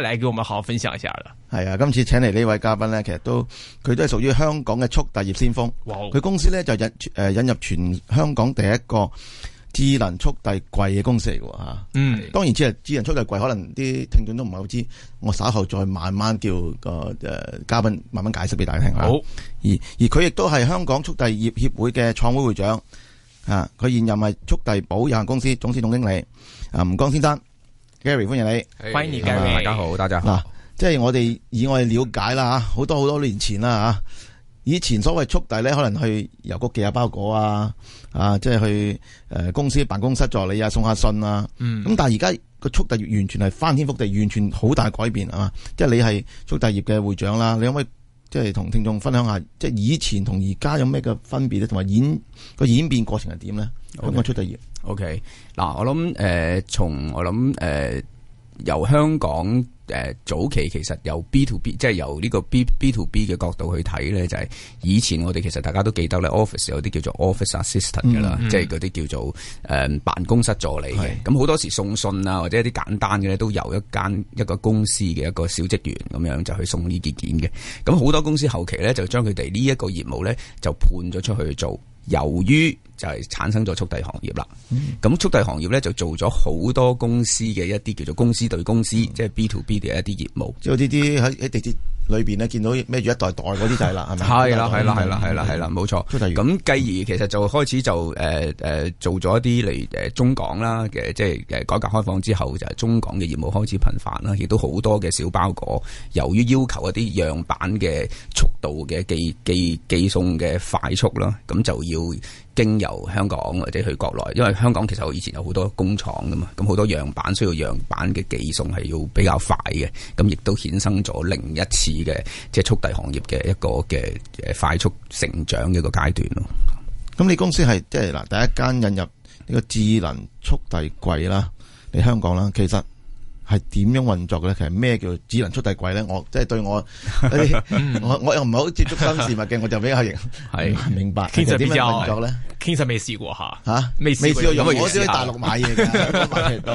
嚟給我們好好分享一下啦。係啊，今次請嚟呢位嘉賓咧，其實都佢都係屬於香港嘅速遞業先鋒。哇，佢公司咧就引誒、呃、引入全香港第一個智能速遞櫃嘅公司嚟吓。嗯、mm.，當然之係智能速遞櫃，可能啲聽眾都唔係好知。我稍後再慢慢叫個誒、呃、嘉賓慢慢解釋俾大家聽下。好、wow.，而而佢亦都係香港速遞業協會嘅創會會長。啊，佢現任係速遞寶有限公司董事總經理。啊、呃，吳江先生。Gary，歡迎你，歡迎 Gary，大家好，大家好。嗱，即係我哋以我哋了解啦吓，好多好多年前啦吓，以前所謂速遞咧，可能去郵局寄下包裹啊，啊，即係去誒公司辦公室助理啊，送下信啊。嗯。咁但係而家個速遞業完全係翻天覆地，完全好大改變啊！即係你係速遞業嘅會長啦，你可唔可以即係同聽眾分享下，即係以前同而家有咩嘅分別咧，同埋演個演變過程係點咧？講下速遞業。Okay. OK，嗱，我諗誒，從、呃、我諗誒、呃，由香港誒、呃、早期其實由 B to B，即係由呢個 B B to B 嘅角度去睇咧，就係、是、以前我哋其實大家都記得咧、mm -hmm.，office 有啲叫做 office assistant 噶啦，mm -hmm. 即係嗰啲叫做誒、呃、辦公室助理嘅。咁好多時送信啊，或者一啲簡單嘅咧，都由一間一個公司嘅一個小職員咁樣就去送呢件件嘅。咁好多公司後期咧，就將佢哋呢一個業務咧，就判咗出去做。由於就係、是、產生咗速遞行業啦。咁、嗯、速遞行業咧就做咗好多公司嘅一啲叫做公司對公司，嗯、即係 B to B 嘅一啲業務。即係啲啲喺喺地鐵裏面咧見到孭住一袋袋嗰啲就係啦，係 咪？係啦，係啦，係啦，係啦，係啦，冇錯。咁繼而其實就開始就誒、呃呃、做咗一啲嚟中港啦。即係改革開放之後就係、是、中港嘅業務開始頻繁啦，亦都好多嘅小包裹。由於要求一啲樣板嘅速度嘅寄寄寄送嘅快速啦，咁就要。經由香港或者去國內，因為香港其實我以前有好多工廠噶嘛，咁好多樣板需要樣板嘅寄送係要比較快嘅，咁亦都衍生咗另一次嘅即係速遞行業嘅一個嘅快速成長嘅一個階段咯。咁你公司係即係嗱，第一間引入呢個智能速遞櫃啦，喺香港啦，其實。係點樣運作嘅咧？其實咩叫智能速遞櫃咧？我即係、就是、對我， 我我又唔係好接觸新事物嘅，我就比較型。係 明白。樣運那個、 點樣運作咧？其實未試過吓。吓，未試過用。我只喺大陸買嘢，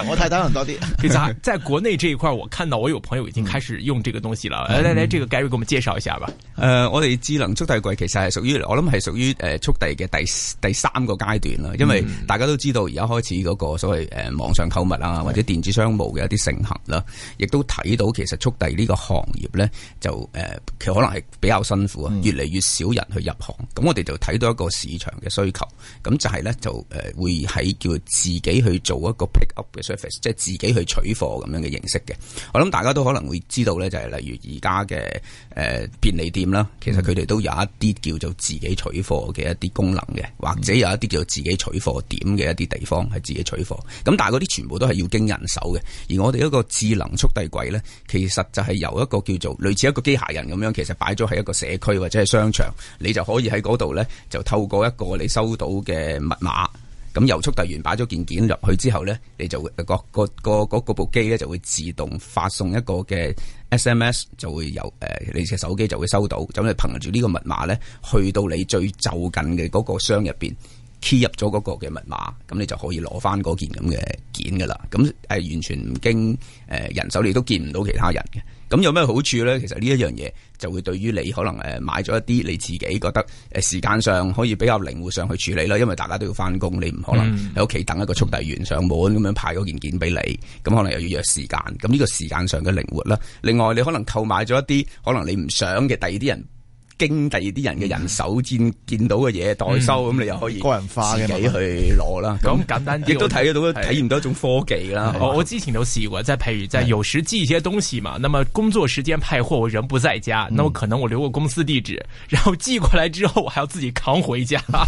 我睇抖音多啲。其實喺在國內這一塊，我看到我有朋友已經開始用這個東西啦。嚟 嚟，這個 Gary 給我們介紹一下吧。誒、嗯呃，我哋智能速遞櫃其實係屬於，我諗係屬於誒速遞嘅第第三個階段啦。因為大家都知道而家開始嗰個所謂誒網上購物啊、嗯，或者電子商務嘅一啲成。行啦，亦都睇到其實速遞呢個行業咧，就、呃、誒，其實可能係比較辛苦啊，越嚟越少人去入行。咁我哋就睇到一個市場嘅需求，咁就係咧就誒，會喺叫自己去做一個 pick up 嘅 service 即係自己去取貨咁樣嘅形式嘅。我諗大家都可能會知道咧，就係、是、例如而家嘅誒便利店啦，其實佢哋都有一啲叫做自己取貨嘅一啲功能嘅，或者有一啲叫做自己取貨點嘅一啲地方係自己取貨。咁但係嗰啲全部都係要經人手嘅，而我哋都。個智能速遞櫃呢，其實就係由一個叫做類似一個機械人咁樣，其實擺咗喺一個社區或者係商場，你就可以喺嗰度呢，就透過一個你收到嘅密碼，咁由速遞員擺咗件件入去之後呢，你就個個個嗰部機呢就會自動發送一個嘅 SMS，就會由誒你隻手機就會收到，咁你憑住呢個密碼呢，去到你最就近嘅嗰個箱入邊 key 入咗嗰個嘅密碼，咁你就可以攞翻嗰件咁嘅件噶啦。咁、呃、完全唔經誒人手，你都見唔到其他人嘅。咁有咩好處呢？其實呢一樣嘢就會對於你可能誒買咗一啲你自己覺得誒時間上可以比較靈活上去處理啦。因為大家都要翻工，你唔可能喺屋企等一個速遞員上門咁樣派嗰件件俾你。咁可能又要約時間，咁呢個時間上嘅靈活啦。另外你可能購買咗一啲可能你唔想嘅第二啲人。經第二啲人嘅人手見見到嘅嘢代收，咁、嗯嗯、你又可以個人化自己去攞啦。咁簡單，亦、嗯、都睇得到、嗯、體驗到一種科技啦、嗯。我之前都試過在譬如在有時寄一些東西嘛，那麼工作時間派貨，我人不在家、嗯，那麼可能我留個公司地址，然後寄過來之後，我還要自己扛回家，嗯、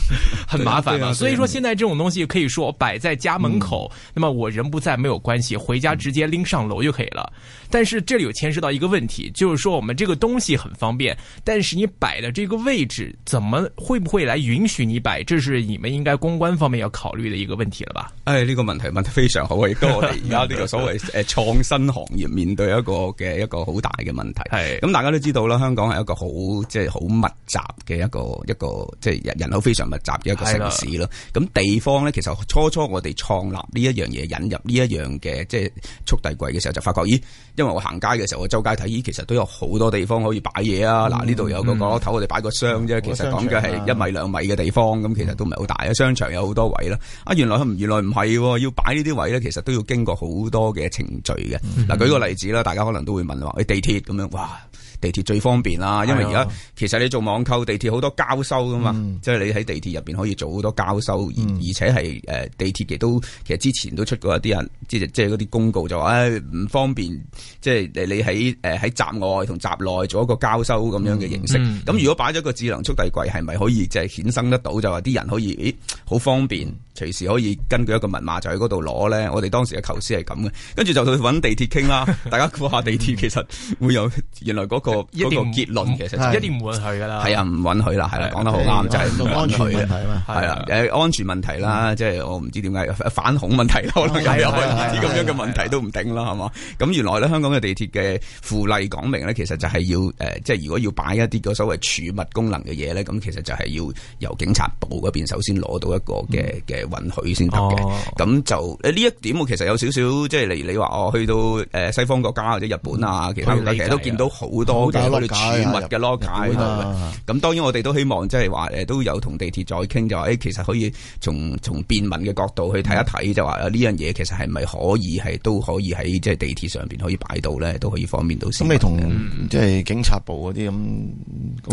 很麻煩啊，啊，啊。所以說，現在這種東西可以說擺在家門口、嗯，那麼我人不在沒有關係，回家直接拎上樓就可以了、嗯。但是這裏有牽涉到一個問題，就是說我們這個東西很方便，但是你，擺的這個位置，怎麼會唔會來允許你擺？這是你們應該公關方面要考慮的一個問題了吧？誒、哎、呢，這個問題問得非常好，亦都係我哋而家呢個所謂誒創新行業面對一個嘅一個好大嘅問題。係咁、嗯、大家都知道啦，香港係一個好即係好密集嘅一個一個即係，就是，人口非常密集嘅一個城市咯。咁、嗯、地方咧，其實初初我哋創立呢一樣嘢，引入呢一樣嘅即係速遞櫃嘅時候，就發覺，咦？因為我行街嘅時候，我周街睇，咦，其實都有好多地方可以擺嘢啊！嗱、嗯，呢度有個角落頭，嗯、我哋擺個箱啫。其實講嘅係一米兩米嘅地方，咁、嗯、其實都唔係好大啊。商場有好多位啦。啊，原來唔原來唔係，要擺呢啲位咧，其實都要經過好多嘅程序嘅。嗱、嗯，舉個例子啦，大家可能都會問話，喺地鐵咁樣，哇！地鐵最方便啦，因為而家其實你做網購，地鐵好多交收噶嘛，即、嗯、係、就是、你喺地鐵入邊可以做好多交收，而、嗯、而且係誒地鐵亦都其實之前都出過啲人，即係即係嗰啲公告就話誒唔方便，即、就、係、是、你喺誒喺閘外同閘內做一個交收咁樣嘅形式。咁、嗯嗯、如果擺咗個智能速遞櫃，係咪可以即係衍生得到就話啲人可以誒好方便？隨時可以根據一個密碼就喺嗰度攞咧，我哋當時嘅構思係咁嘅，跟住就去揾地鐵傾啦。 大家估下地鐵其實會有原來嗰、那個嗰 個結論，其實、就是、一定唔允許㗎啦。係、就是、啊，唔允許啦，係啦，講得好啱，就係安全問題啊，係啊，安全問題啦，即係、就是、我唔知點解反恐問題咯，又可以啲咁樣嘅問題都唔定啦，係嘛？咁原來咧香港嘅地鐵嘅附例講明咧，其實就係要誒、呃，即係如果要擺一啲嗰所謂儲物功能嘅嘢咧，咁其實就係要由警察部嗰邊首先攞到一個嘅嘅。嗯允許先得嘅，咁、哦、就誒呢一點我其實有少少即係例如你話我去到誒西方國家或者日本啊，其他國家其實都見到好多好多嘅攞嚟儲物嘅囉。解咁、啊、當然我哋都希望即係話誒都有同地鐵再傾，就話誒其實可以從從便民嘅角度去睇一睇，就話呢樣嘢其實係咪可以係都可以喺即係地鐵上邊可以擺到咧，都可以方便到市民。咁你同即係警察部嗰啲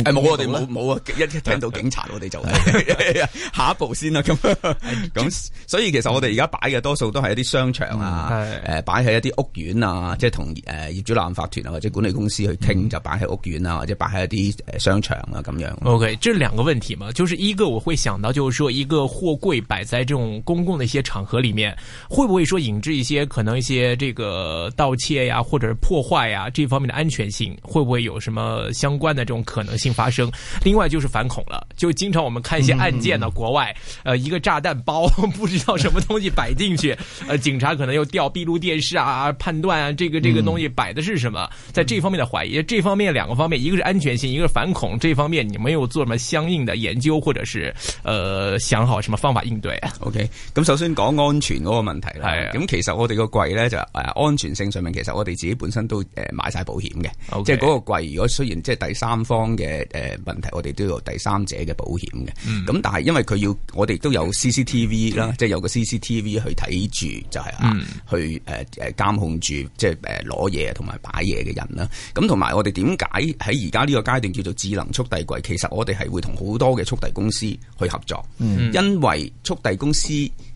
咁冇我哋冇冇啊，一聽到警察 我哋就 下一步先啦、啊、咁。 咁所以其實我哋而家擺嘅多數都係一啲商場啊，誒擺喺一啲屋苑啊，即係同誒業主立案法團啊或者管理公司去傾、嗯、就擺喺屋苑啊，或者擺喺一啲誒商場啊咁樣。Okay，這兩個問題嘛，就是一個我會想到就是說一個貨櫃擺在這種公共的一些場合裏面，會唔會說引致一些可能一些這個盜竊呀或者破壞呀、啊、這方面的安全性，會唔會有什麼相關的這種可能性發生？另外就是反恐了，就經常我們看一些案件呢，嗯、國外，誒、呃、一個炸彈。 不知道什麼東西擺進去，呃，警察可能又調閉路電視啊，判斷啊，這個這個東西擺的是什麼，在這方面的懷疑，這方面兩個方面，一個是安全性，一個是反恐。這方面你沒有做什麼相應的研究，或者是，呃，想好什麼方法應對？OK，咁首先講安全個問題啦，係啊，咁其實我哋個櫃咧就安全性上面，其實我哋自己本身都誒買晒保險嘅，即係嗰個櫃如果雖然即係第三方嘅誒問題，我哋都有第三者嘅保險嘅，咁但係因為佢要我哋都有 CCT。T.V. 啦，即係有個 C.C.T.V. 去睇住，就係啊，去誒誒監控住，即係誒攞嘢同埋擺嘢嘅人啦。咁同埋我哋點解喺而家呢個階段叫做智能速遞櫃？其實我哋係會同好多嘅速遞公司去合作，因為速遞公司。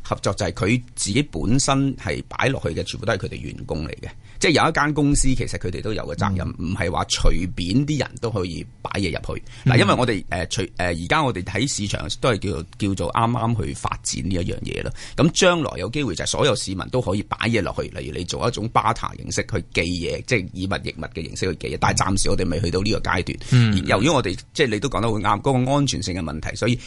合作就係佢自己本身係擺落去嘅，全部都係佢哋員工嚟嘅。即係有一間公司，其實佢哋都有個責任，唔係話隨便啲人都可以擺嘢入去。嗱，因為我哋誒隨誒而家我哋喺市場都係叫做叫做啱啱去發展呢一樣嘢咯。咁將來有機會就係所有市民都可以擺嘢落去，例如你做一種巴塔形式去寄嘢，即係以物易物嘅形式去寄嘢。但係暫時我哋未去到呢個階段。嗯。由於我哋即係你都講得好啱，嗰個安全性嘅問題，所以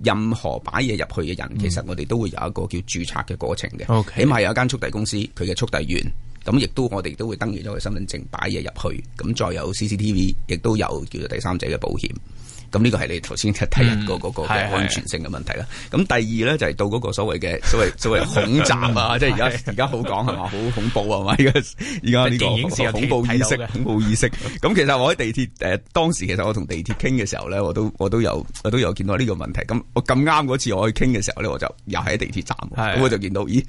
任何擺嘢入去嘅人，其實我哋都會有一個。叫註冊嘅過程嘅，okay。起碼有一間速遞公司，佢嘅速遞員咁，亦都我哋都會登記咗佢身份證，擺嘢入去，咁再有 CCTV，亦都有叫做第三者嘅保險。咁呢個係你頭先睇人個嗰個嘅安全性嘅問題啦。咁、嗯、第二咧就係、是、到嗰個所謂嘅所謂所謂恐襲啊， 即係而家而家好講係嘛，好恐怖係嘛？而家而家呢個恐怖,恐怖意識，恐怖意識。咁 其實我喺地鐵誒當時其實我同地鐵傾嘅時候咧，我都我都有我都有見到呢個問題。咁我咁啱嗰次我去傾嘅時候咧，我就又喺地鐵站，咁我就見到，咦？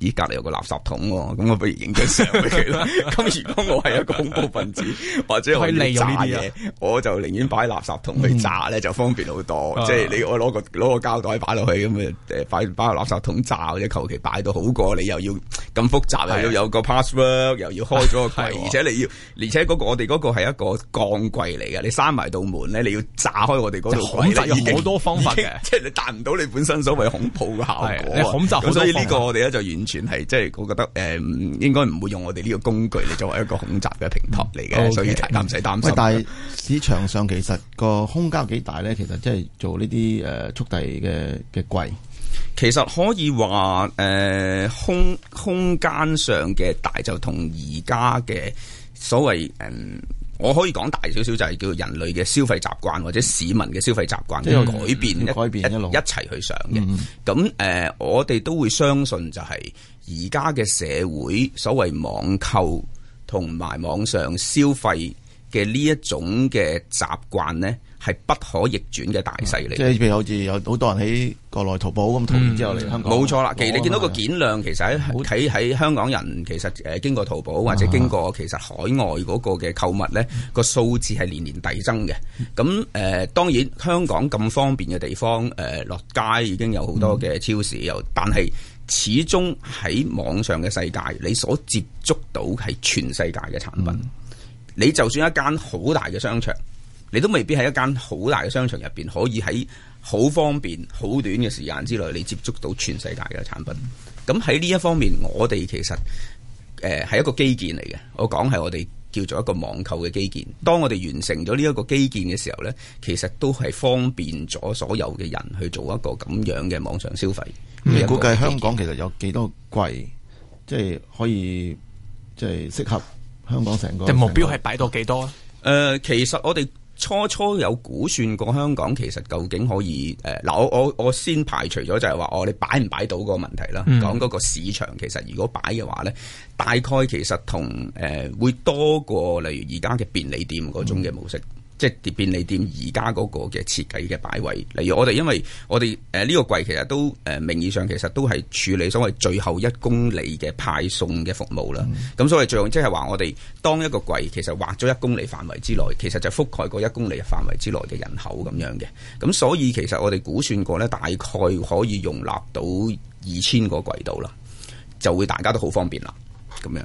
咦，隔籬有個垃圾桶喎，哦，咁我不如影張相俾佢啦。咁 如果我係一個恐怖分子 或者我要炸嘢，啊，我就寧願擺垃圾桶去炸咧，嗯，就方便好多。啊，即係你我攞個攞個膠袋擺落去，咁誒擺擺喺垃圾桶炸，或者求其擺到好過你又要咁複雜，啊，又要有個 password，又要開咗個櫃，啊，而且你要，而且嗰，嗰個我哋嗰個係一個鋼櫃嚟嘅，你閂埋道門咧，你要炸開我哋嗰度。有好多方法嘅，即係你達唔到你本身所謂恐怖嘅效果啊。咁所以呢個我哋咧就完。完全係即係，我覺得誒、嗯，應該唔會用我哋呢個工具嚟，作為一個恐襲嘅平台嚟嘅，Okay. 所以大家唔使擔心。喂，但係市場上其實個空間有幾大咧？其實即係做呢啲誒速遞嘅嘅櫃，其實可以話誒、呃、空空間上嘅大就同而家嘅所謂誒。嗯我可以講大少少就係叫人類嘅消費習慣或者市民嘅消費習慣嘅改變一改變一齊去上嘅，咁、嗯、誒、嗯呃、我哋都會相信就係而家嘅社會所謂網購同埋網上消費嘅呢一種嘅習慣呢。係不可逆轉嘅大勢嚟、啊，即係譬如好似有好多人喺國內淘寶咁、嗯，淘完之後嚟香港，冇錯啦。其實你見到個件量，其實喺喺喺香港人其實誒經過淘寶或者經過其實海外嗰個嘅購物呢，個、啊、數字係年年遞增嘅。咁、嗯、誒、呃、當然香港咁方便嘅地方，誒、呃、落街已經有好多嘅超市，又、嗯、但係始終喺網上嘅世界，你所接觸到係全世界嘅產品、嗯。你就算一間好大嘅商場，你都未必喺一間好大嘅商場入邊，可以喺好方便、好短嘅時間之內，你接觸到全世界嘅產品。咁喺呢一方面，我哋其實誒係、呃、一個基建嚟嘅。我講係我哋叫做一個網購嘅基建。當我哋完成咗呢一個基建嘅時候咧，其實都係方便咗所有嘅人去做一個咁樣嘅網上消費。你、嗯、估計香港其實有幾多櫃，即、就、係、是、可以即係適合香港成個、就是、目標係擺到幾多？誒、呃，其實我哋。初初有估算過香港其實究竟可以誒嗱、呃，我我我先排除咗就係話哦，你擺唔擺到個問題啦、嗯，講嗰個市場其實如果擺嘅話咧，大概其實同誒、呃、會多過例如而家嘅便利店嗰種嘅模式。嗯即係便利店而家嗰個嘅設計嘅擺位，例如我哋因為我哋誒呢個櫃其實都誒名義上其實都係處理所謂最後一公里嘅派送嘅服務啦。咁、嗯、所謂最後即係話我哋當一個櫃其實劃咗一公里範圍之內，其實就覆蓋個一公里範圍之內嘅人口咁樣嘅。咁所以其實我哋估算過呢大概可以容納到二千個櫃度啦，就會大家都好方便啦，咁樣。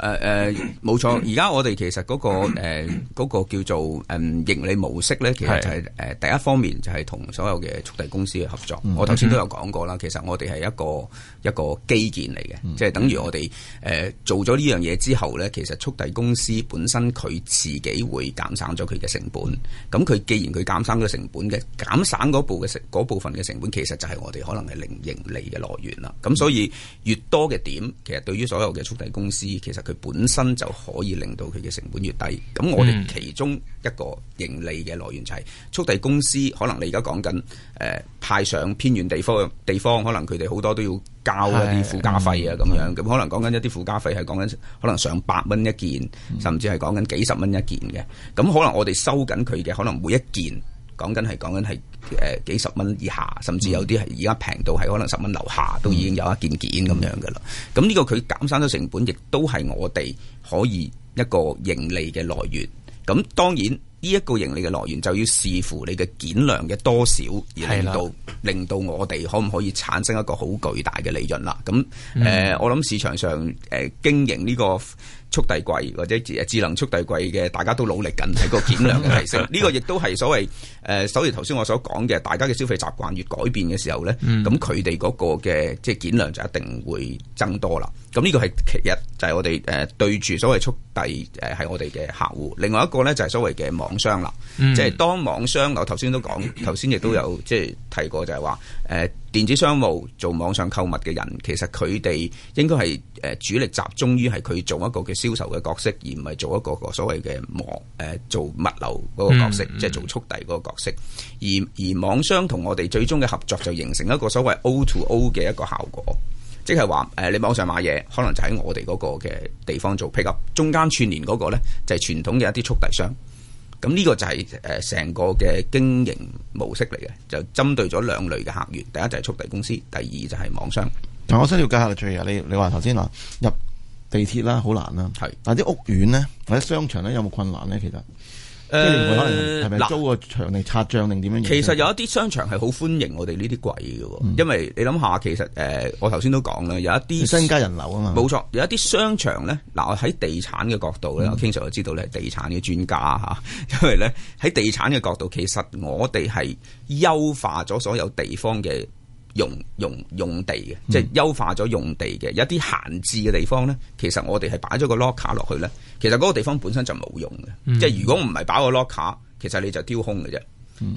誒誒冇錯，而家我哋其實嗰、那個誒、嗯呃那個、叫做誒、嗯、盈利模式咧，其實就係、是、誒第一方面就係同所有嘅速遞公司嘅合作。嗯、我頭先都有講過啦、嗯，其實我哋係一個一個基建嚟嘅，即、嗯、係、就是、等於我哋誒、呃、做咗呢樣嘢之後咧，其實速遞公司本身佢自己會減省咗佢嘅成本。咁佢既然佢減省咗成本嘅減省嗰部嘅成嗰部分嘅成本，成本其實就係我哋可能係零盈利嘅來源啦。咁所以越多嘅點，其實對於所有嘅速遞公司，其實。佢本身就可以令到佢嘅成本越低，咁我哋其中一個盈利嘅來源就係速遞公司。可能你而家講緊誒派上偏遠地方嘅地方，可能佢哋好多都要交一啲附加費啊咁樣。咁可能講緊一啲附加費，係講緊可能上百蚊一件，甚至係講緊幾十蚊一件嘅。咁可能我哋收緊佢嘅可能每一件講緊，係講緊係。誒，幾十蚊以下，甚至有啲係而家平到係可能十蚊樓下，都已經有一件件咁樣噶啦。咁、嗯、呢個佢減省咗成本，亦都係我哋可以一個盈利嘅來源。咁當然呢一個盈利嘅來源就要視乎你嘅件量嘅多少，而令到令到我哋可唔可以產生一個好巨大嘅利潤啦。咁誒、嗯呃，我諗市場上誒、呃、經營呢、這個。速遞櫃或者智能速遞櫃嘅，大家都努力緊喺個件量嘅提升。呢 個亦都係所謂誒，所以頭先我所講嘅，大家嘅消費習慣越改變嘅時候呢，咁佢哋嗰個嘅即係件量就一定會增多啦。咁呢個係其一，就係、是、我哋誒、呃、對住所謂速遞誒係我哋嘅客戶。另外一個呢，就係、是、所謂嘅網商啦，即、嗯、係當網商我頭先都講，頭先亦都有即係提過就係話誒。呃電子商務做網上購物嘅人，其實佢哋應該係主力集中於係佢做一個嘅銷售嘅角色，而唔係做一個所謂嘅網做物流嗰個角色，嗯、即係做速遞嗰個角色。而而網商同我哋最終嘅合作就形成一個所謂 O to O 嘅一個效果，即係話你網上買嘢，可能就喺我哋嗰個嘅地方做，pick up 中間串聯嗰個呢，就係、是、傳統嘅一啲速遞商。咁、這、呢個就係成個嘅經營模式嚟嘅，就針對咗兩類嘅客源，第一就係速遞公司，第二就係網商。我想了解下你你話頭先嗱，入地鐵啦，好難啦，係。但係啲屋苑呢，或者商場呢，有冇困難呢？其實？誒，可能係咪租個場嚟，拆賬定點樣？其實有一啲商場係好歡迎我哋呢啲鬼嘅，因為你諗下，其實誒、呃，我頭先都講啦，有一啲商家人流啊嘛。冇錯，有一啲商場咧，嗱我喺地產嘅角度咧、嗯，我經常，我知道你係地產嘅專家吓，因為咧喺地產嘅角度，其實我哋係優化咗所有地方嘅。用用用地嘅，即係優化咗用地嘅、嗯，一啲閒置嘅地方咧，其實我哋係擺咗個 locker 落去咧。其實嗰個地方本身就冇用嘅、嗯，即係如果唔係擺個 locker，其實你就丟空嘅啫。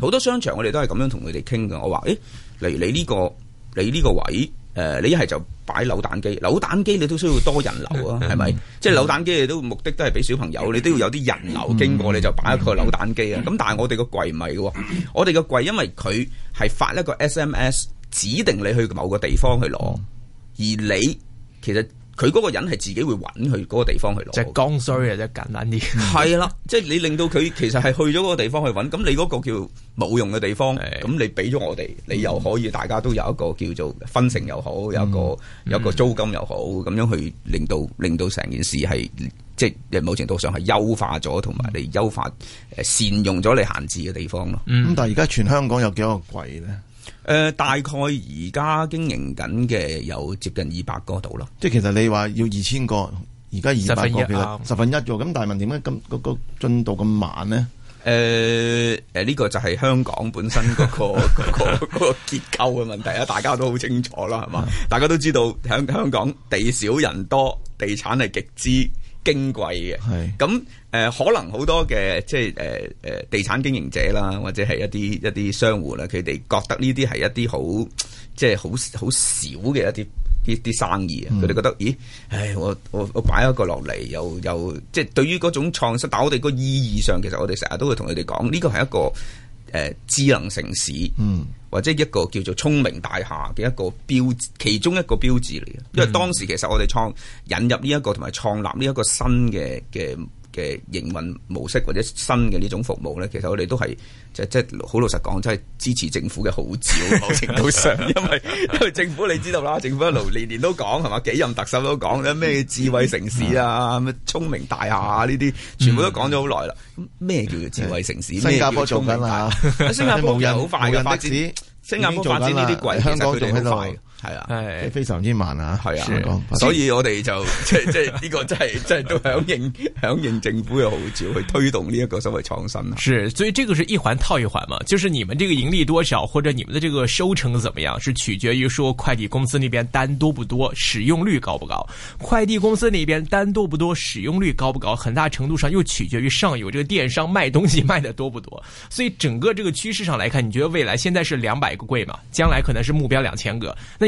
好、嗯、多商場我哋都係咁樣同佢哋傾嘅。我話誒、例如，你你呢個你呢個位誒、呃，你一係就擺扭蛋機，扭蛋機你都需要多人流啊，係、嗯、咪？即係、嗯就是、扭蛋機你都目的都係俾小朋友、嗯，你都要有啲人流經過，嗯、你就擺一個扭蛋機啊。咁、嗯嗯、但係我哋個櫃唔係嘅，我哋個櫃因為佢係發一個 SMS。指定你去某個地方去攞、嗯，而你其實佢嗰個人係自己會揾去嗰個地方去攞，即係剛需，即係簡單啲。係 啦，即、就、係、是、你令到佢其實係去咗個地方去揾，咁你嗰個叫冇用嘅地方，咁你俾咗我哋、嗯，你又可以大家都有一個叫做分成又好，有個、嗯、有個租金又好，咁樣去令到令到成件事係即係某程度上係優化咗，同、嗯、埋你優化誒善用咗你閒置嘅地方咯。咁、嗯、但係而家全香港有幾個櫃咧？誒、呃，大概而家經營緊嘅有接近二百個度咯，即係其實你話要二千個，而家二百個其實十分一咗，咁但係問，點解咁嗰個進度咁慢咧？誒、呃、誒，呢、呃這個就係香港本身嗰、那個個 個結構嘅問題，大家都好清楚啦，係 嘛？大家都知道香港地少人多，地產係極之。矜貴嘅，咁誒、呃、可能好多嘅，即係誒誒地產經營者啦，或者係一啲一啲商戶啦，佢哋覺得呢啲係一啲好即係好好少嘅一啲啲啲生意啊，佢、嗯、哋覺得，咦，唉，我我我擺一個落嚟又又即係對於嗰種創新，但係我哋個意義上，其實我哋成日都會同佢哋講，呢個係一個誒、呃、智能城市。嗯或者一個叫做聰明大廈嘅一個標誌，其中一個標誌嚟嘅，因為當時其實我哋創，引入呢一個同埋創立呢一個新嘅嘅嘅營運模式或者新嘅呢種服務咧，其實我哋都係即即好老實講，真係支持政府嘅號召某程度上，因為因為政府你知道啦，政府一路年年都講係嘛，幾任特首都講咧咩智慧城市啊、咩聰明大廈呢啲，全部都講咗好耐啦。咩叫做智慧城市？新、嗯啊啊、加坡做緊啦，新加坡又好快嘅發展，新加坡發展呢啲鬼，香港仲好快。係啊，係非常之慢啊，係啊、哦，所以我哋就即係即係呢個真係真係都響應響應政府嘅號召去推動呢一個所謂創新。是，所以這個是一環套一環嘛，就是你們這個盈利多少或者你們的這個收成怎麼樣，是取決於說快遞公司那邊單多不多，使用率高不高。快遞公司那邊單多不多，使用率高不高，很大程度上又取決於上游這個電商賣東西賣得多不多。所以整個這個趨勢上來看，你覺得未來現在是兩百個櫃嘛，將來可能是目標兩千個，那？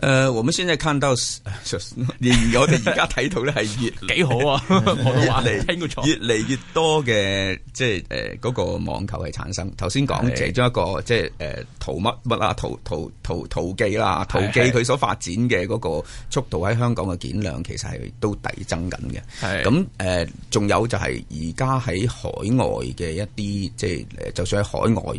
誒、uh,，我們現在看到連我哋而家睇到咧係越幾、嗯、 好啊！我都話嚟，聽 越嚟來 越，越多嘅即係誒嗰個網購嘅產生。頭先講其中一個即係誒淘乜乜啊？淘淘淘淘機啦，淘機佢所發展嘅嗰個速度喺香港嘅件量，其實係都遞增緊嘅。咁誒，仲、uh, 有就係而家喺海外嘅一啲即係，就，是、就算喺海外。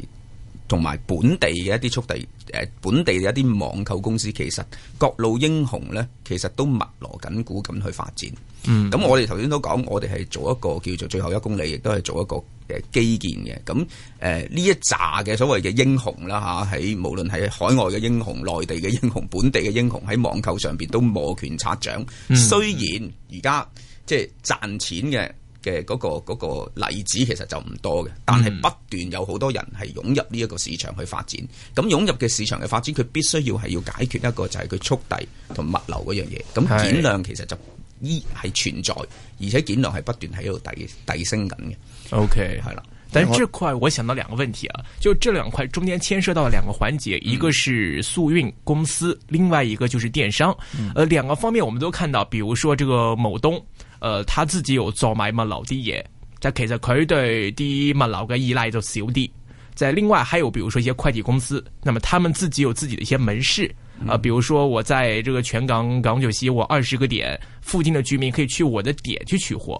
同埋本地嘅一啲速遞，誒本地嘅一啲網購公司，其實各路英雄咧，其實都密鑼緊鼓咁去發展。咁、嗯、我哋頭先都講，我哋係做一個叫做最後一公里，亦都係做一個誒基建嘅。咁誒呢一紮嘅所謂嘅英雄啦，吓，喺無論係海外嘅英雄、內地嘅英雄、本地嘅英雄喺網購上邊都摩拳擦掌、嗯。雖然而家即係賺錢嘅。嘅嗰、那個那個例子其實就唔多嘅，但係不斷有好多人係湧入呢一個市場去發展。咁、嗯、湧入嘅市場嘅發展，佢必須要係要解決一個就係佢速遞同物流嗰樣嘢。咁件量其實就依係存在，而且件量係不斷喺度遞遞升緊嘅。OK，係啦。但係這塊我想到兩個問題啊，就這兩塊中間牽涉到兩個環節，嗯、一個是速運公司，另外一個就是電商。呃、嗯，兩個方面我們都看到，比如說這個某東。呃，他自己有做埋物流啲嘢，即係其實佢對啲物流嘅依賴就少啲。即係另外還有，比如說一些快遞公司，那麼他們自己有自己的一些門市，啊、呃，比如說我在這個全港港九西，我二十個點附近的居民可以去我的點去取貨。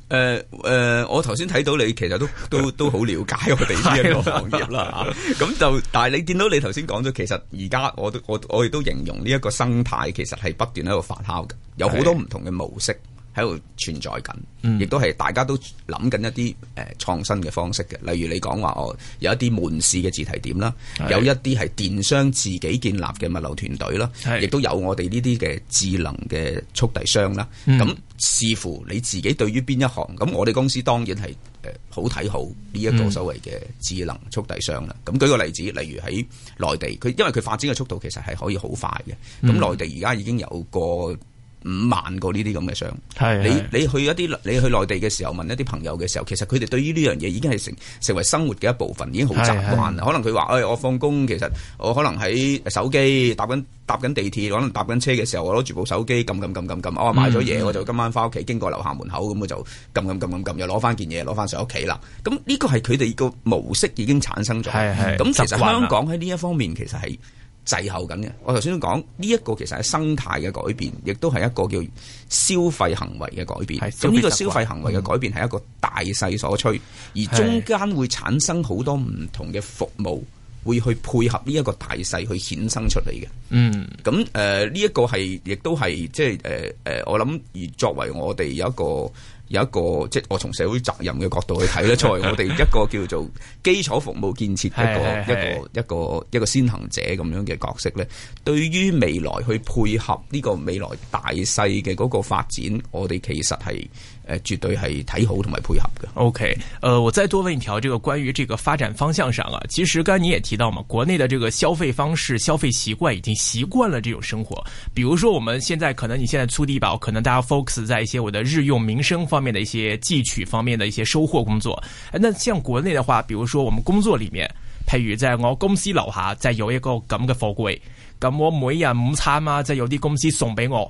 誒、呃、誒、呃，我頭先睇到你，其 你，到你，其實都都都好了解我哋呢一個行業啦。咁就，但係你見到你頭先講咗，其實而家我都我我亦都形容呢一個生態，其實係不斷喺度發酵嘅，有好多唔同嘅模式。喺度存在緊，亦都係大家都諗緊一啲誒創新嘅方式嘅。例如你講話哦，有一啲門市嘅自提點啦，有一啲係電商自己建立嘅物流團隊啦，亦都有我哋呢啲嘅智能嘅速遞商啦。咁視乎你自己對於邊一行，咁我哋公司當然係誒、呃、好睇好呢一個所謂嘅智能速遞商啦。咁、嗯、舉個例子，例如喺內地，佢因為佢發展嘅速度其實係可以好快嘅。咁內地而家已經有個。五萬個呢啲咁嘅箱，你你去一啲你去內地嘅時候問一啲朋友嘅時候，其實佢哋對於呢樣嘢已經係成成為生活嘅一部分，已經好習慣。可能佢話：誒，我放工其實我可能喺手機搭緊搭緊地鐵，可能搭緊車嘅時候，我攞住部手機撳撳撳撳撳，我買咗嘢，我就今晚翻屋企經過樓下門口咁，我就撳撳撳撳撳，又攞翻件嘢攞翻上屋企啦。咁呢個係佢哋個模式已經產生咗。咁其實香港喺呢一方面其實係。滯後緊嘅，我頭先都講呢一個其實係生態嘅改變，亦都係一個叫消費行為嘅改變。咁呢個消費行為嘅改變係一個大勢所趨，嗯、而中間會產生好多唔同嘅服務，會去配合呢一個大勢去衍生出嚟嘅。嗯這，咁誒呢一個係亦都係即係誒誒，我諗而作為我哋有一個。有一個即係我從社會責任嘅角度去睇咧， 作為我哋一個叫做基礎服務建設一個 一個 一個一，個一個先行者咁樣嘅角色咧，對於未來去配合呢個未來大勢嘅嗰個發展，我哋其實係。誒，絕對係睇好同埋配合嘅，okay，呃。OK，我再多問一條，這個關於這個發展方向上啊，其實剛你也提到嘛，國內的這個消費方式、消費習慣已經習慣了這種生活。比如說，我們現在可能你現在出地保，可能大家 focus 在一些我的日用民生方面的一些汲取方面的一些收穫工作。那像國內的話，比如說我們工作裏面，譬如在我公司樓下，再有一個咁嘅貨櫃，咁我每日午餐嘛，再有啲公司送俾我。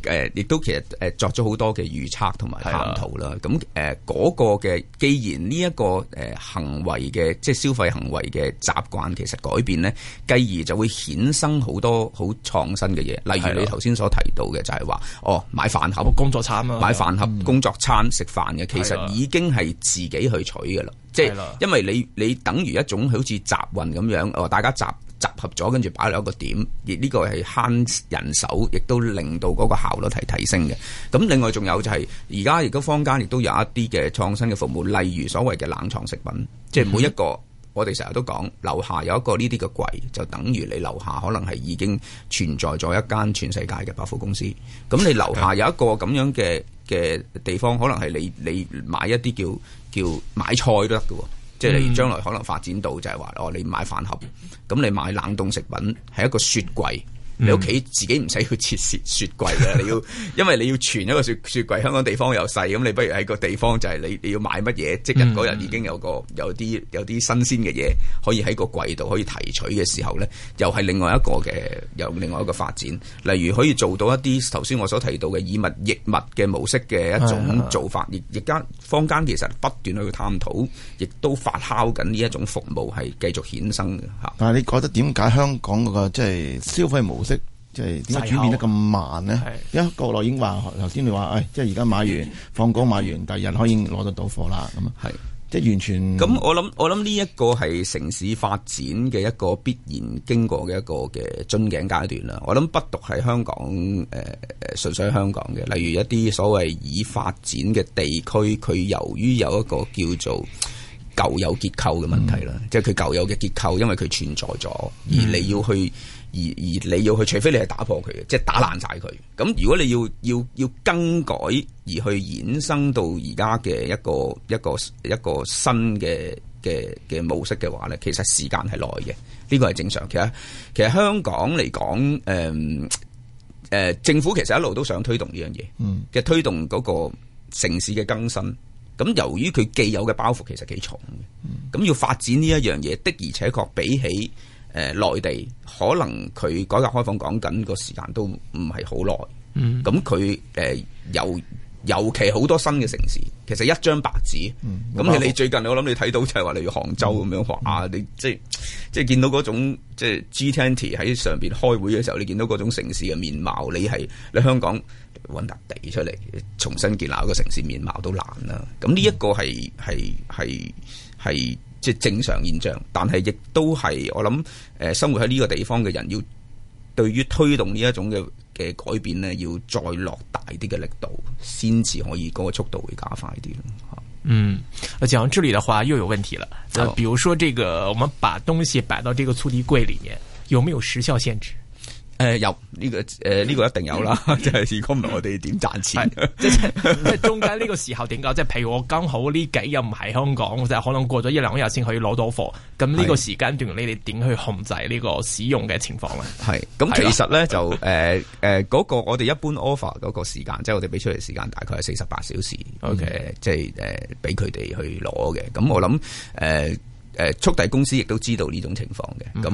誒，亦都其實誒作咗好多嘅預測同埋探討啦。咁誒嗰個嘅，既然呢一個行為嘅，即係消費行為嘅習慣，其實改變呢，繼而就會衍生好多好創新嘅嘢。例如你頭先所提到嘅，就係話哦，買飯盒工作餐啊，買飯盒工作餐食飯嘅，其實已經係自己去取㗎啦。即係因為你你等於一種好似集運咁樣，哦，大家集。集合咗，跟住擺落一個點，而呢個係慳人手，亦都令到嗰個效率係提升嘅。咁另外仲有就係而家如果坊間亦都有一啲嘅創新嘅服務，例如所謂嘅冷藏食品，嗯、即係每一個我哋成日都講，樓下有一個呢啲嘅櫃，就等於你樓下可能係已經存在咗一間全世界嘅百貨公司。咁你樓下有一個咁樣嘅嘅 地方，可能係你你買一啲叫叫買菜都得㗎喎。即係你將來可能發展到就係話哦，你買飯盒，咁你買冷凍食品係一個雪櫃。你屋企自己唔使去設雪櫃嘅，你要 因為你要存一個雪雪櫃，香港地方又細，咁你不如喺個地方就係你你要買乜嘢，即日日已經有個有啲有啲新鮮嘅嘢，可以喺個櫃度可以提取嘅時候咧，又係另外一個嘅有另外一個發展。例如可以做到一啲頭先我所提到嘅以物易物嘅模式嘅一種做法，亦亦間坊間其實不斷去探討，亦都發酵緊呢一種服務係繼續衍生嘅吓，但係你覺得點解香港嗰即係消費模式？即係點解轉變得咁慢呢？因為國內已經話頭先你話，誒、哎，即係而家買完放工買完，第二日可以攞得到貨啦。咁啊，即係完全。咁我諗，我諗呢一個係城市發展嘅一個必然經過嘅一個嘅樽頸階段啦。我諗不獨係香港誒、呃，純粹係香港嘅，例如一啲所謂已發展嘅地區，佢由於有一個叫做舊有結構嘅問題啦、嗯，即係佢舊有嘅結構，因為佢存在咗，而你要去。而而你要去，除非你係打破佢嘅，即係打爛晒佢。咁如果你要要要更改，而去衍生到而家嘅一個一個一個新嘅嘅嘅模式嘅話咧，其實時間係耐嘅，呢個係正常。其實其實香港嚟講誒誒政府其實一路都想推動呢樣嘢，嘅、嗯、推動嗰個城市嘅更新。咁由於佢既有嘅包袱其實幾重嘅，咁要發展呢一樣嘢的而且確比起。誒、呃、內地可能佢改革開放講緊個時間都唔係好耐，咁佢誒尤尤其好多新嘅城市，其實一張白紙，咁、嗯、你最近、嗯、我諗你睇到就係話例如杭州咁樣、嗯，哇！你即即見到嗰種即 G20 喺上面開會嘅時候，你見到嗰種城市嘅面貌，你係你香港揾笪地出嚟重新建立一個城市面貌都難啦。咁呢一個係係係係。嗯即係正常現象，但係亦都係我諗，誒、呃、生活喺呢個地方嘅人要對於推動呢一種嘅嘅改變呢，要再落大啲嘅力度，先至可以嗰個速度會加快啲咯。嗯，啊，嗯、講到這裡嘅話又有問題了，比如說，這個、Oh. 我們把東西擺到這個儲物櫃裡面，有沒有時效限制？誒、呃，有、這、呢個誒呢、呃這個一定有啦，即係如果唔係我哋點賺錢？即係即係中間呢個時候點解？即係譬如我剛好呢幾日唔係香港，即係可能過咗一兩日先可以攞到貨。咁呢個時間段你哋點去控制呢個使用嘅情況咧？係咁，其實咧、啊、就誒誒嗰個我哋一般 offer 嗰個時間， 即係我哋俾出嚟時間大概係四十八小時。OK、嗯、即係誒俾佢哋去攞嘅。咁我諗誒。呃誒速遞公司亦都知道呢種情況嘅，咁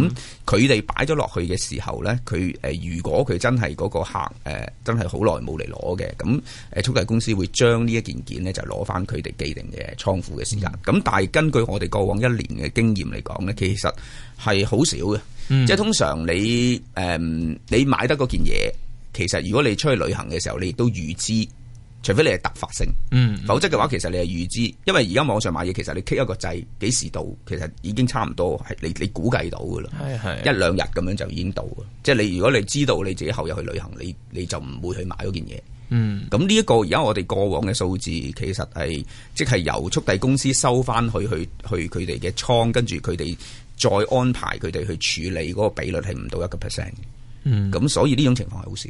佢哋擺咗落去嘅時候呢，佢如果佢真係嗰個客誒真係好耐冇嚟攞嘅，咁速遞公司會將呢一件件呢就攞翻佢哋既定嘅倉庫嘅時間。咁、嗯、但係根據我哋過往一年嘅經驗嚟講呢，其實係好少嘅，即、嗯、係、就是、通常你誒、嗯、你買得嗰件嘢，其實如果你出去旅行嘅時候，你亦都預知。除非你係突發性，嗯、否則嘅話其、嗯，其實你係預知，因為而家網上買嘢，其實你傾一個掣幾時到，其實已經差唔多係你你估計到噶啦，係係一兩日咁樣就已經到嘅。即係你如果你知道你自己後日去旅行，你你就唔會去買嗰件嘢。咁呢一個而家我哋過往嘅數字，其實係即係由速遞公司收翻去去去佢哋嘅倉，跟住佢哋再安排佢哋去處理嗰、那個比率係唔到一個 percent 嘅。咁、嗯、所以呢種情況係好少。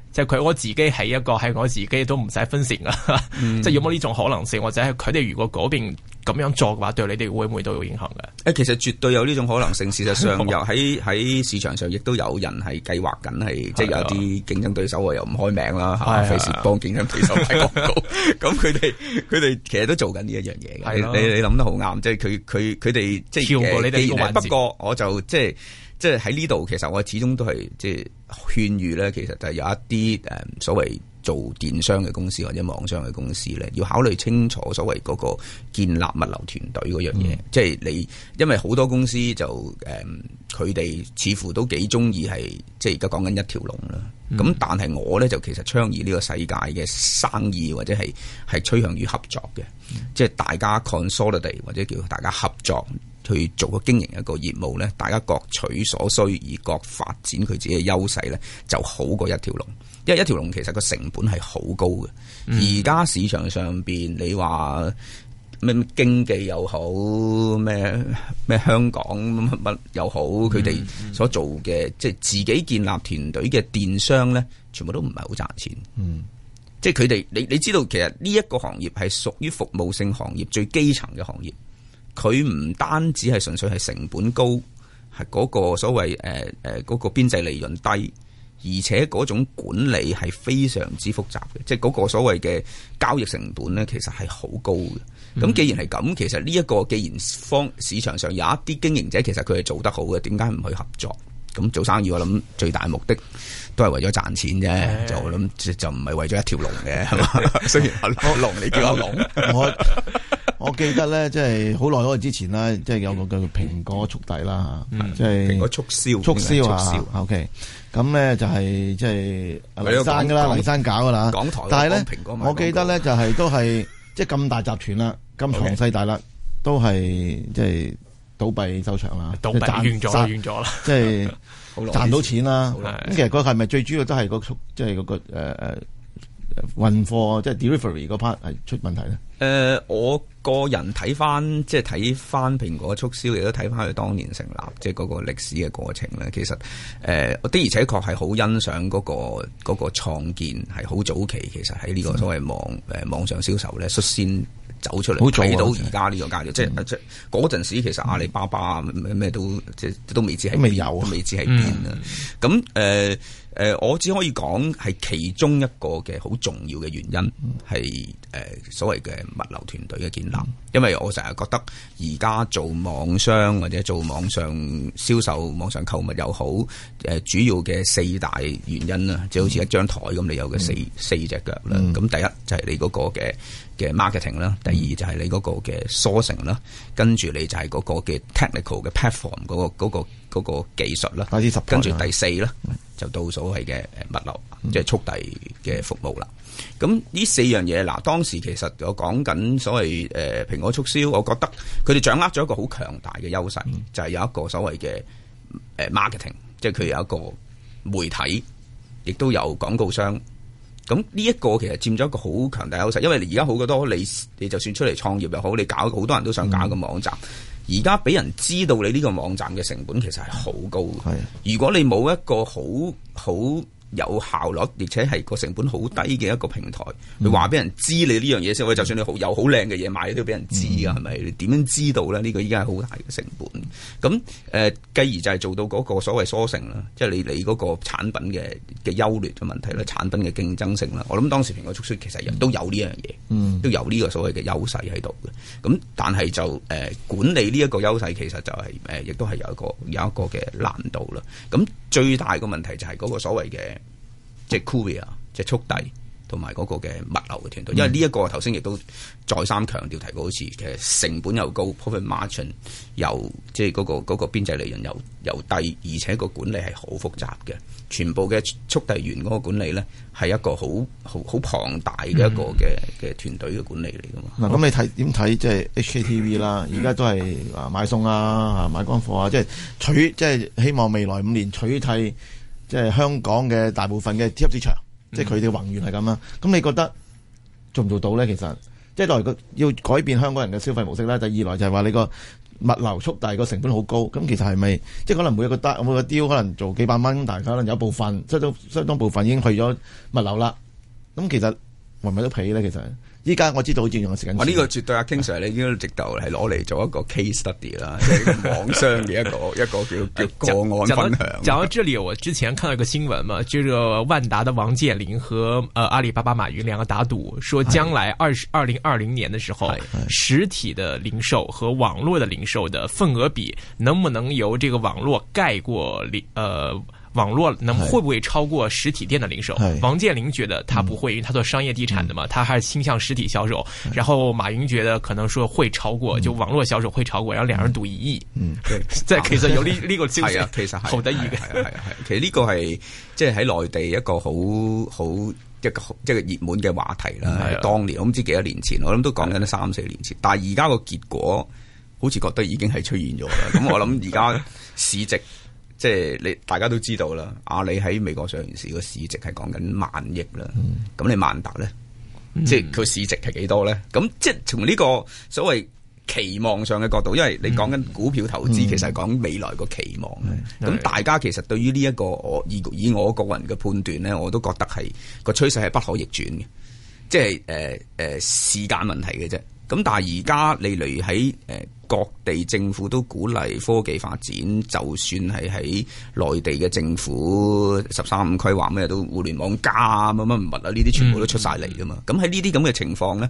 即係佢我自己係一個，係我自己都唔使分錢噶。即 係有冇呢種可能性，或者係佢哋如果嗰邊咁樣做嘅話，對你哋會唔會都有影響嘅？誒，其實絕對有呢種可能性。事實上又，又喺喺市場上亦都有人係計劃緊，係即係有啲競爭對手又唔開名啦，費事幫競爭對手打廣告。咁佢哋佢哋其實都做緊呢一樣嘢。係， 你你諗得好啱，即係佢佢佢哋即係。不過我就即係。即係喺呢度，其實我始終都係即係勸喻咧。其實就有一啲誒所謂做電商嘅公司或者網商嘅公司咧，要考慮清楚所謂嗰個建立物流團隊嗰樣嘢。即、嗯、係你，因為好多公司就誒，佢哋似乎都幾中意係即係而家講緊一條龍啦。咁、嗯、但係我咧就其實倡議呢個世界嘅生意或者係係趨向於合作嘅，即、嗯、係大家 consolidate 或者叫大家合作。去做個經營一個業務呢，大家各取所需而各發展佢自己嘅優勢呢，就好過一條龍。因為一條龍其實個成本係好高嘅。而、嗯、家市場上邊，你話咩經濟又好，咩咩香港乜乜又好，佢、嗯、哋所做嘅即係自己建立團隊嘅電商呢，全部都唔係好賺錢。嗯即係佢哋，即係佢哋你你知道其實呢一個行業係屬於服務性行業最基層嘅行業。佢唔單止係純粹係成本高，係嗰個所謂誒誒嗰個邊際利潤低，而且嗰種管理係非常之複雜嘅，即係嗰個所謂嘅交易成本咧、嗯，其實係好高嘅。咁既然係咁，其實呢一個既然方市場上有一啲經營者，其實佢係做得好嘅，點解唔去合作？咁做生意，我諗最大的目的都係為咗賺錢啫，就諗就唔係為咗一條龍嘅，係嘛？ 雖然阿龍，你叫阿龍， 我記得咧，即係好耐好耐之前啦，即、就、係、是、有個叫做蘋果速遞啦嚇，即、嗯、係、嗯就是、蘋果促銷促銷啊。O K，咁咧就係即係黎生噶啦，黎、就、生、是嗯、搞噶啦。港台但係咧，我記得咧就係都係即係咁大集團啦，咁 龐大啦，okay. 都係即係倒閉收場啦，就完咗啦，即 係賺到錢啦。咁其實嗰係咪最主要都係個即係嗰個誒運貨，即係 delivery 嗰 part 係出問題咧？我。個人睇翻即係睇翻蘋果促銷，亦都睇翻佢當年成立即係嗰個歷史嘅過程咧。其實誒，呃、我的而且確係好欣賞嗰、嗰個嗰、嗰個、創建係好早期。其實喺呢個所謂網網上銷售咧，率先走出嚟，俾、啊、到而家呢個階段。即係即係嗰陣時，其實阿里巴巴咩咩都即係都未知係未有，未知係邊啦。咁誒。嗯嗯誒、呃，我只可以講係其中一個嘅好重要嘅原因係誒、嗯呃、所謂嘅物流團隊嘅建立、嗯，因為我成日覺得而家做網商、嗯、或者做網上銷售、網上購物又好、呃，主要嘅四大原因啊、嗯，就好似一張台咁，你有嘅四、嗯、四隻腳啦。咁、嗯、第一就係你嗰個嘅嘅 marketing 啦，第二就係你嗰個嘅 sourcing 啦、嗯，跟住你就係嗰個嘅 technical 嘅 platform 嗰個嗰個。那個嗰、那個技術啦，跟住第四啦，就到所謂嘅物流，嗯、即係速遞嘅服務啦。咁呢四樣嘢嗱，當時其實我講緊所謂誒蘋果促銷，我覺得佢哋掌握咗一個好強大嘅優勢，嗯、就係、是、有一個所謂嘅 marketing，即係佢有一個媒體，亦都有廣告商。咁呢一個其實佔咗一個好強大優勢，因為而家好多，你你就算出嚟創業又好，你搞好多人都想搞一個網站。嗯而家俾人知道你呢個網站嘅成本其實係好高嘅，如果你冇一個好好，好有效率，而且係個成本好低嘅一個平台，你話俾人知你呢樣嘢先喎。就算你好有好靚嘅嘢賣，都要俾人知㗎，係、嗯、咪？你點樣知道咧？呢、呢個依家係好大嘅成本。咁誒、呃，繼而就係做到嗰個所謂縮性啦，即係你你嗰個產品嘅嘅優劣嘅問題啦，產品嘅競爭性啦。我諗當時蘋果速銷其實亦都有呢樣嘢，都有呢個所謂嘅優勢喺度嘅。咁但係就誒、呃、管理呢一個優勢，其實就係誒亦都係有一個有一個嘅難度啦。咁最大嘅問題就係嗰個所謂嘅。即係 Courier，即係速遞，同埋嗰個嘅物流嘅團隊，因為呢一個頭先亦都再三強調提過，好似嘅成本又高，Profit Margin 又即係、那、嗰個嗰、嗰個邊際利潤又又低，而且個管理係好複雜嘅，全部嘅速遞員嗰個管理咧係一個好好好龐大嘅一個嘅嘅團隊嘅管理嚟噶嘛。嗱、嗯，咁你睇點睇即係 H K T V 啦，而、就、家、是嗯、都係話買餸啊，買乾貨啊，即、嗯、係、就是、取即係、就是、希望未來五年取替。即係香港嘅大部分嘅貼市場，嗯、即係佢哋宏願係咁啦。咁你覺得做唔做到咧？其實，即係來講要改變香港人嘅消費模式啦。第二來就係話你個物流速遞個成本好高。咁其實係咪即係可能每個單每個 deal 可能做幾百蚊，但係可能有一部分相當相當部分已經去咗物流啦。咁其實。係咪都皮咧，其實依家我知道要用嘅時間。我、這、呢個絕對阿 King Sir 你應該直頭係攞嚟做一個 case study 啦，即係網商嘅一個， 一，個一個叫，叫個案分享講。講到，到這裡，我之前看到一個新聞嘛，就係、是、萬達的王健林和呃阿里巴巴馬雲兩個打賭，說將來二十二零二零年嘅時候，是是是實體的零售和網絡的零售的份額比，能不能由這個網絡蓋過零呃？網絡能會不會超過實體店的零售？王健林覺得他不會，嗯、因為他做商業地產的嘛，嗯、他還是傾向實體銷售。嗯、然後馬雲覺得可能說會超過，嗯、就網絡銷售會超過。然後兩人賭一億。嗯，即 係其實有呢呢個消息，係啊，其實係好得意嘅。係係，其實呢個係即係喺內地一個好好一個即係熱門嘅話題啦。當年我唔知幾多年前，我諗都講緊三四年前。係，但係而家個結果，好似覺得已經係出現咗啦。咁 我諗而家市值。即、就、係、是、你大家都知道啦，阿里喺美國上完市個市值係講緊萬億啦，咁、嗯、你萬達咧、嗯，即係佢市值係幾多咧？咁即係從呢個所謂期望上嘅角度，因為你講緊股票投資、嗯、其實係講未來個期望。咁、嗯、大家其實對於呢、這、一個我以以我個人嘅判斷咧，我都覺得係個趨勢係不可逆轉嘅，即係誒誒時間問題嘅啫。咁但係而家你嚟喺誒各地政府都鼓勵科技發展，就算係喺內地嘅政府十三五規劃咩都互聯網加乜乜物啊，呢啲全部都出晒嚟噶嘛。咁喺呢啲咁嘅情況咧，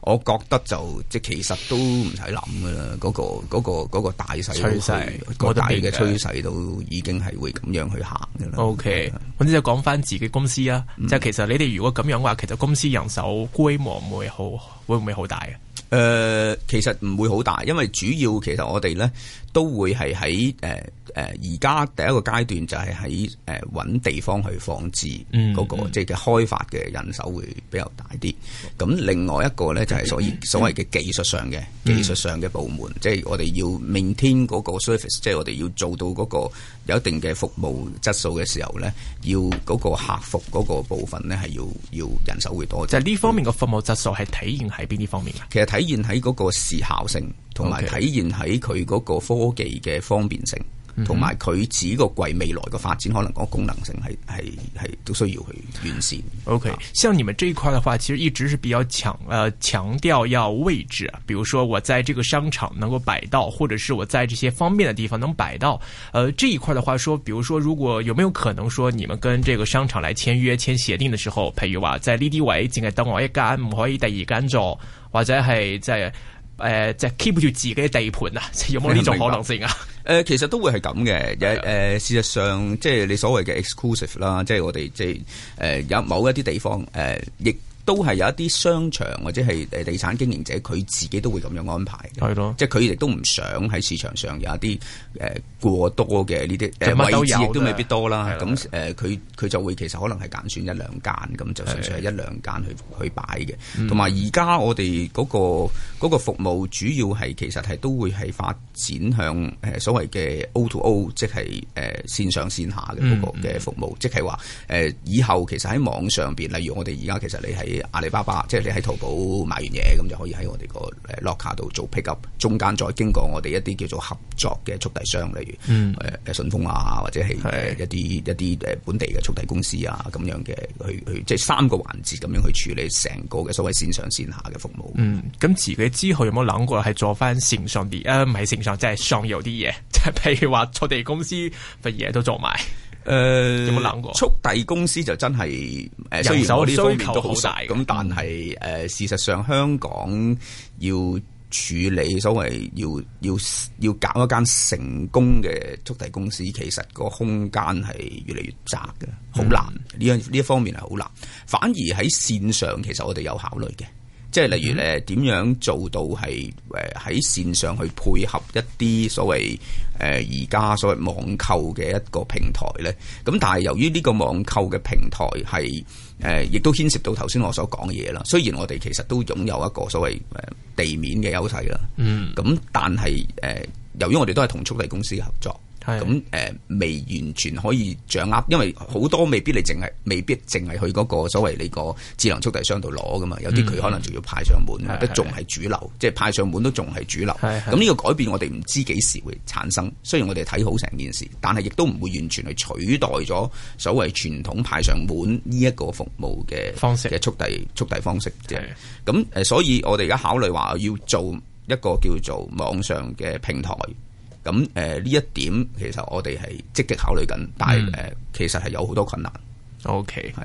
我覺得就即係其實都唔使諗噶啦。嗰個嗰個嗰個大勢趨勢，嗰個大嘅趨勢都已經係會咁樣去行噶啦。O K. 咁即係就講返自己公司啊，係、嗯就係、其實你哋如果咁樣話，其實公司人手規模會好會唔會好大啊？誒、呃，其實唔會好大，因為主要其實我哋咧，都會係喺誒誒而家第一個階段就係喺誒揾地方去放置嗰、那個、嗯嗯、即係開發嘅人手會比較大啲。咁、嗯、另外一個咧就係、是、所以、嗯、所謂嘅技術上嘅技術上嘅部門，嗯、即係我哋要 maintain 嗰個 service、嗯、即係我哋要做到嗰個有一定嘅服務質素嘅時候咧，要嗰個客服嗰個部分咧係要要人手會多、嗯。即係呢方面嘅服務質素係體現喺邊啲方面啊？其實體現喺嗰個時效性。同埋體現喺佢嗰個科技嘅方便性，同埋佢指個櫃未來嘅發展，可能個功能性係係係都需要去完善。OK，啊，像你們這一塊的話，其實一直是比較強，呃，強調要位置。啊，比如說，我喺這個商場能夠擺到，或者是我在這些方便的地方能擺到。呃，這一塊的話，說，比如說，如果有沒有可能，說你們跟這個商場來簽約、簽協定的時候，譬如話，在呢啲位淨係等我一間，唔可以第二間做，或者係即誒即係 keep 住自己嘅地盤啊，有冇呢種可能性啊？誒、 呃，其實都會係咁嘅，有、呃、事實上，即係你所謂嘅 exclusive 啦，即係我哋即係誒有某一啲地方誒、呃、亦。都係有一啲商場或者係誒地產經營者，佢自己都會咁樣安排的。嘅，係咯，即係佢亦都唔想喺市場上有一啲誒、呃、過多嘅呢啲誒位置都未必多啦。咁誒佢佢就會其實可能係揀選，選一兩間咁，就算算係一兩間去是的是的去擺嘅。同埋而家我哋，嗰個，嗰個服務主要係其實係都會係發展向誒所謂嘅 O to O，即係誒、呃、線上線下嘅嗰個嘅服務是的是的即係話誒以後其實喺網上邊例如我哋而家其實你係。阿里巴巴，即係你喺淘寶買完嘢，咁就可以喺我哋個誒 locker 度做 pick up，中間再經過我哋一啲叫做合作嘅速遞商，例如誒順豐啊，或者係一啲一啲誒本地嘅速遞公司啊，咁樣嘅去去，即係三個環節咁樣去處理成個嘅所謂綫上綫下嘅服務。嗯，咁自己之後有冇諗過係做翻綫上啲？誒、啊，唔係綫上，即係上游啲嘢，即係譬如話速遞公司嘅嘢都做埋。誒、呃，有冇諗過速遞公司，就真係誒，人手呢方面都好大。咁但係誒、呃，事實上香港要處理所謂要要要搞一間成功嘅速遞公司，其實個空間係越嚟,越窄嘅，好難。呢樣呢一方面係好難。反而喺線上，其實我哋有考慮嘅。即係例如咧，點樣做到係誒喺線上去配合一啲所謂誒而家所謂網購嘅一個平台咧？咁但係由於呢個網購嘅平台係誒亦都牽涉到頭先我所講嘅嘢啦。雖然我哋其實都擁有一個所謂誒地面嘅優勢啦，嗯，咁但係誒由於我哋都係同速遞公司合作。咁誒未完全可以掌握，因為好多未必你淨係未必淨係去嗰個所謂你個智能速遞箱度攞噶嘛，有啲佢可能仲要派上門，都仲係主流，即係派上門都仲係主流。咁呢個改變我哋唔知幾時會產生，雖然我哋睇好成件事，但係亦都唔會完全去取代咗所謂傳統派上門呢一個服務嘅方式嘅速遞速遞方式。咁所以我哋而家考慮話要做一個叫做網上嘅平台。咁誒呢一點其實我哋係積極考慮緊，但係誒、嗯呃、其實係有好多困難 O K 係。Okay.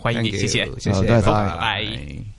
歡迎你，謝謝，謝謝，拜拜。